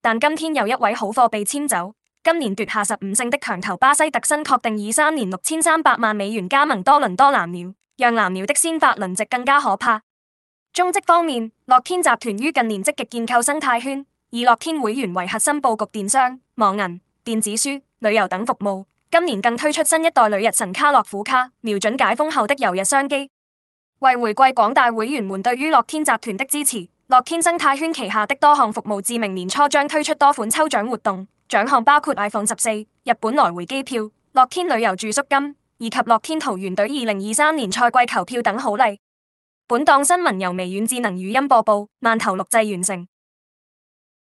但今天又一位好貨被簽走。今年奪下十五勝的強投巴西特森確定以三年六千三百萬美元加盟多倫多藍鳥，讓藍鳥的先發輪值更加可怕。中職方面，樂天集團於近年積極建構生態圈，以樂天會員為核心佈局電商、網銀、電子書、旅遊等服務。今年更推出新一代旅日神卡樂虎卡，瞄準解封後的遊日商機，為回饋廣大會員們對於樂天集團的支持。樂天生態圈旗下的多項服務，自明年初將推出多款抽獎活動，獎項包括 iPhone 十四、日本來回機票、樂天旅遊住宿金，以及樂天桃園隊二零二三年賽季球票等好禮。本檔新聞由微軟智能語音播報，慢頭錄製完成。